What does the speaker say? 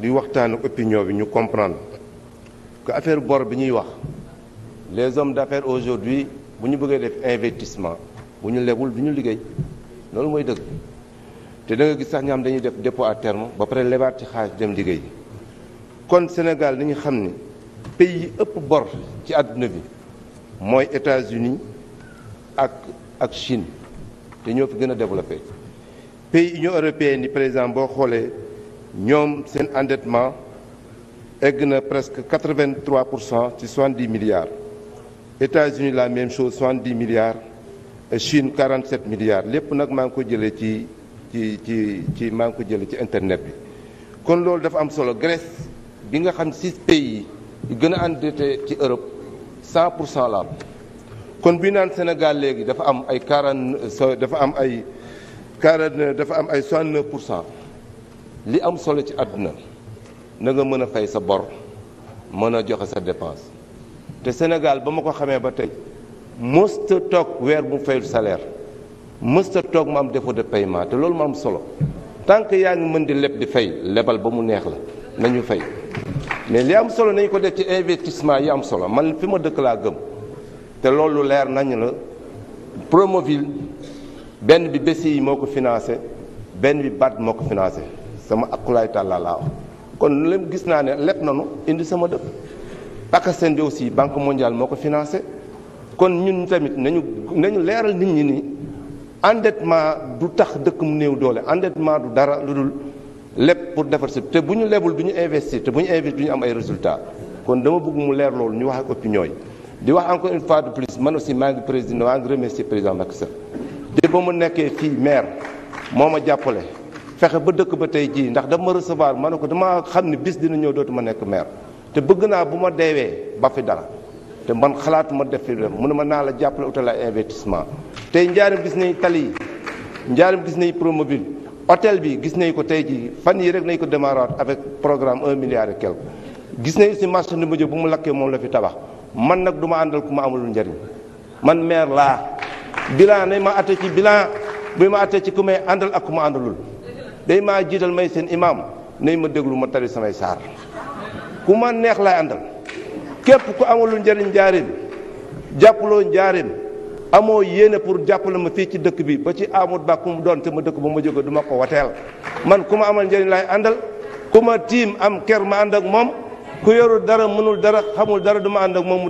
di waxtaanu ak opinion bi ñu comprendre que affaire bor bi ñuy wax les hommes d'affaires aujourd'hui bu ñu bëggee def investissement bu ñu lebul du ñu liggéey loolu mooy dëgg te da gis sax ña xam dañuy def dépôt à terme ba pare lebaat ci xaalis dem liggéey kon Sénégal dañu xam ni pays yi ëpp bor ci àdduna bi mooy États-Unis ak ak Chine te ñoo fi gën a développé pays Union européenne yi par exemple boo xoolee ñoom seen endettement egg na presque quatre-vingt-trois pour cent ci soixante-dix milliards États-Unis la même chose soixante-dix milliards et Chine quarante-sept lépp nag maa ngi ko jëlee ci ci ci ci maa ngi ko jëlee ci internet bi. kon loolu dafa am solo Grèce bi nga xam six pays yi gën a endetté ci Europe cent pour cent la kon bi naan Sénégal léegi dafa am ay quarante dafa am ay quarante dafa am ay soixante-neuf pour cent. li am solo ci àdduna na nga mën a fay sa bor mën a joxe sa dépense te Sénégal ba ma ko xamee ba tey mësta toog weer bu fayul salaire mësta toog mu am défaut de paiement te loolu mu am solo tant que yaa ngi mën di leb di fay lebal ba mu neex la nañu fay mais li am solo nañu ko def ci investissement yi am solo man fi ma dëkk laa gëm te loolu leer nañu la Promoville benn bi yi moo ko financé benn bi BAD moo ko financé sama akulaay tàllaa laa wax kon leen gis naa ne leb nanu indi sama dëkk Pakistan bi aussi banque mondiale moo ko financé kon ñun tamit nañu nañu leeral nit ñi ni endettement du tax dëkk mu néew doole endettement du dara lu dul leb pour defar si te bu ñu lebul du ñu investir te bu ñu investir du ñu am ay résultat kon dama bugg mu leer loolu ñu wax ak opinion yi di wax encore une fois de plus man aussi maa ngi président maa ngi remercier président Macky Sall te ba nekkee fii maire moo ma jàppale fexe ba dëkk ba tey jii ndax dama recevoir ma ne ko dama xam ne bis dina ñëw dootuma nekk maire te bëgg naa bu ma deewee ba fi man xalaatu ma def fi mu ne ma naa la jàppale utala investissement tey njaarim gis nañ tali yi njaarim gis nañ promobile hôtel bi gis nañ ko tey jii fan yi rek nañ ko démarrer avec programme un milliard et quelque gis nañ si marché ni bu mu lakkee moom la tabax man du ma àndal ku ma amalul njariñ man maire laa bilan nañ ma atte ci bilan bi ma atte ci ku may àndal ak ku ma àndalul day maa jiital may seen imaam nañ ma déglu ma tari samay saar ku ma neex lay àndal képp ku amul njariñ njaareem jàppaloo njaareem amoo yéene pour jàppale ma fii ci dëkk bi ba ci amut ba ku doon te ma dëkk ba ma jóge du ma ko wateel man ku ma amal njariñ lay àndal ku ma tiim am ker ma ànd ak moom ku yorul dara mënul dara xamul dara du ma ànd ak moom